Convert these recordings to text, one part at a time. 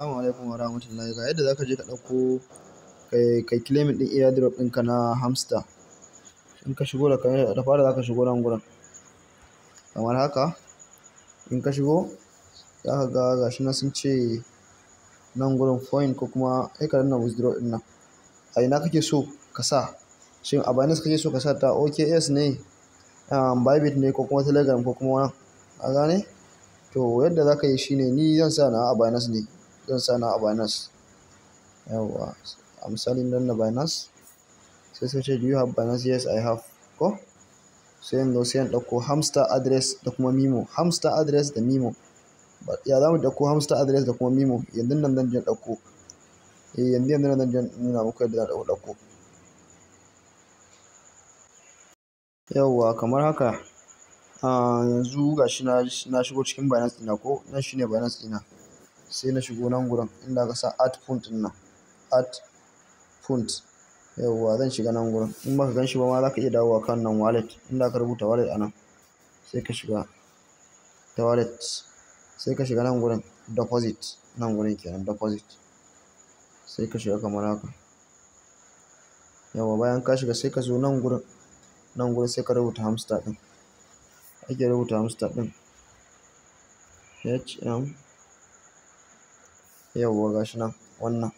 Assalamu alaikum wa rahmatullahi ga yadda zaka je ka ɗauko kai claiming ɗin airdrop ɗinka na hamster in ka shigo da ka da fara zaka shigo nan gurin kamar haka in ka shigo zaka ga gashi na sun ce nan gurin coin ko kuma sai ka danna withdraw ɗin nan a ina kake so ka sa shin a Binance kake so ka sa ta OKS ne um, Bybit ne ko kuma Telegram ko kuma wani a gane to yadda zaka yi shine ni zan sa na a Binance ne zan sana a Binance yawa a misali don na Binance sai sai ce do you have Binance yes I have ko sai yanzu sai in ɗauko hamster address da kuma mimo hamster address da mimo ya za mu ɗauko hamster address da kuma mimo yanzu nan zan je ɗauko eh yanzu yanzu nan zan nuna muku yadda za ɗauko yawa kamar haka ah, yanzu ga shi na shigo cikin Binance dina ko nan shi ne Binance dina. sai na shigo nan gurin inda ka sa at punt din nan at punt yawwa zan shiga nan gurin in baka gan shi ba ma za ka iya dawowa kan nan wallet inda ka rubuta wallet a nan sai ka shiga ta wallet sai ka shiga nan gurin deposit nan gurin kenan deposit sai ka shiga kamar haka yawwa bayan ka shiga sai ka zo nan gurin nan gurin sai ka rubuta hamster din ake rubuta hamster din hm yauwa gashi nan wannan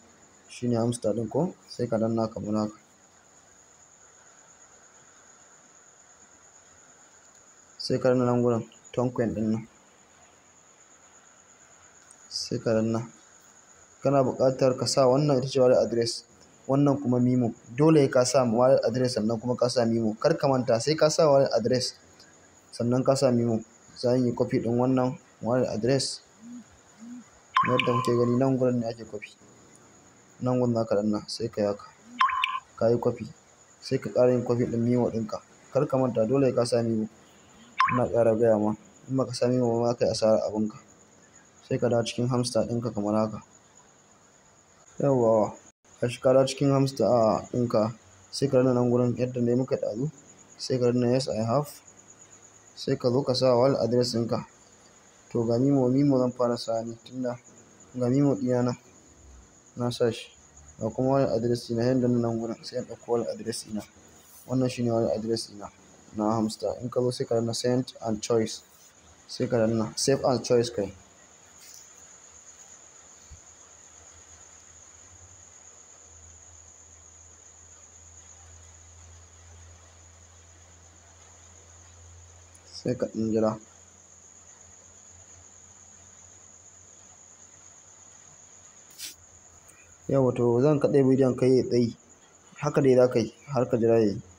shine hamster ɗin ko sai ka danna kamar haka sai ka danna nan gurin tonquin ɗin nan sai ka danna kana buƙatar ka sa wannan ita ce wallet address wannan kuma mimo dole ka sa wallet address sannan kuma ka sa mimo kar ka manta sai ka sa wallet address sannan ka sa mimo za yi copy ɗin wannan wallet address yadda kuke gani nan gurin ne ake kwafi nan gurin zaka danna sai ka yaka ka yi kwafi sai ka ƙara yin kwafi ɗin mimo ɗinka kar ka manta dole ka sa mimo ina ƙara gaya ma in ba ka sa mimo ma ka yi asarar abinka sai ka dawo cikin hamster ɗinka kamar haka yawwa ka shiga dawo cikin hamsta a ɗinka sai ka danna nan gurin yadda ne muka ɗazu sai ka danna yes i have sai ka zo ka sa wal adres ɗinka to ga mimo mimo zan fara sa ne tunda ga mimo ɗina na sa shi ga kuma wani adres ɗina yadda na nan gurin sai in ɗauko wani adres ɗina wannan shi ne wani adres ɗina na hamster in ka zo sai ka danna send and choice sai ka danna save and choice kai sai ka ɗin jira yawa to zan kaɗe bidiyon kai ya tsayi haka dai za ka yi har ka jira ya yi